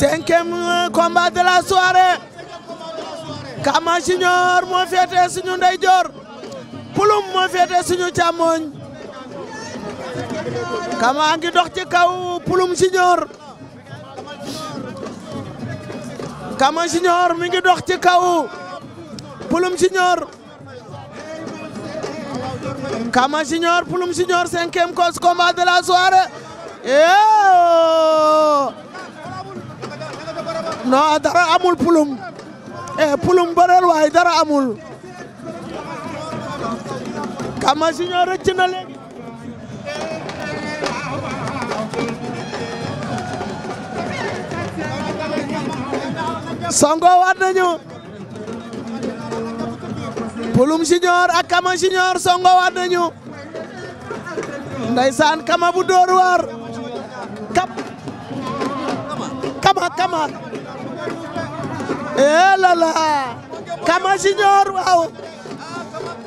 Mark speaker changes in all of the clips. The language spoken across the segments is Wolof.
Speaker 1: cinquième combat de la soirée Kama Junior moo féete suñu ndeyjoor Pulum moo féete suñu càmmoñ Kama ngi dox ci kaw Pulum Junior Kama Junior mi ngi dox ci kaw Pulum Junior Kama Junior Pulum Junior cinquième combat de la soirée non dara amul pulum eh pulum bëreel waaye dara amul Kama Junior rëcc na songo waat nañu pulum Junior ak Kama Junior songo waat nañu ndeysaan Kama bu dóor waar kap Kama Kama eh lala Kama Junior waaw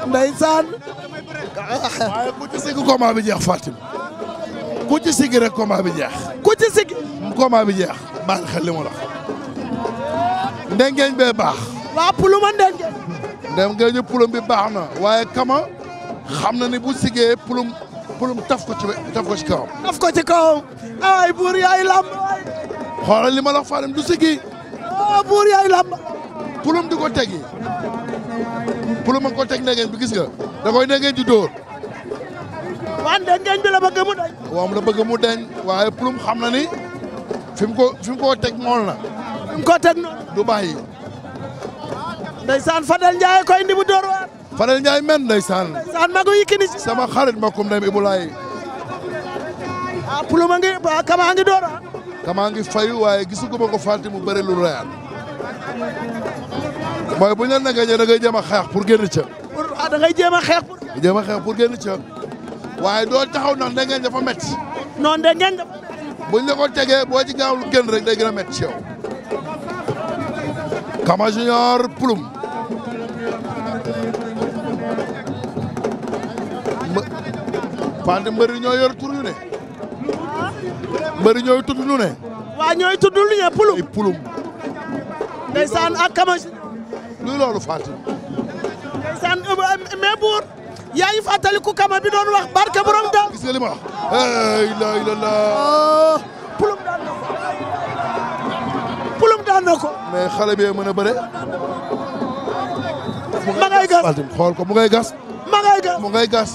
Speaker 1: ndeysaan
Speaker 2: waaye ku ci sigg combat bi jeex Fatim ku ci sigg rek combat bi jeex ku ci sigg combat bi jeex baal bee baax waa puluma ndengeñ ndengeñu pulum bi baax na waaye Kama xam na ni bu siggee pulum taf ko ci taf ko ci kawam taf ko ci kawam ay buur yaay li ma la du siggi ah oh, buur yaay làmb. pulum di ko tegi pulum a ko teg ndegeen bi gis nga da koy ndegeen di dóor. waa ndegeen bi la bëgg mu deñ. waaw mu la bëgg mu deñ waaye pulum xam na ni fi ko fi ko teg mool na. fi mu koo teg noonu. du bàyyi. ndeysaan Fadel Ndiaye koy indi mu dóor waar. Fadel men ndeysaan. ndeysaan magu yikini sama xarit mbokkum ndeymi Ibou Laye. ah pulum a ngi ah, a ah. kamaa ngi fayu waaye gisuguma ko fàtte mu bëri lu rëyaat mooy bu ñu la nagañee da ngay jéem a xeex pour génn ca. pour ah da ngay jéem a xeex génn waaye doo taxaw na ndengeen dafa métti. non ndengeen dafa métti. bu ñu la ko tegee rek day gën a métti ci yow. Kama Junior Ploum. Pande mbër ñoo yor tur yu ne. bari ñooy tudd ne. waa ñooy tudd ne pulum ay ak kama. luy loolu Fatim.
Speaker 1: ndeysaan mais buur.
Speaker 2: yaa ngi fàttaliku kama bi doon wax barke borom oh, daan na ko. pulum xale bi mën a bëre. ma gas xool ko mu gas. ma gas mu gas.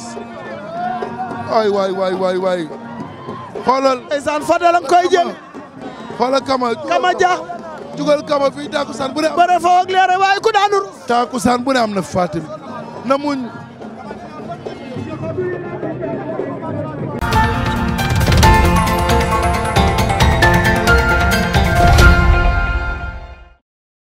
Speaker 2: ay waay waay waay xoolal ndeysaan Fadel a ngi koy jël xoolal Kama Kama jaax jugal Kama fii taakusaan bu ne bëre fa ak leere waaye ku daanu taakusaan bu ne am na Fatim na muñ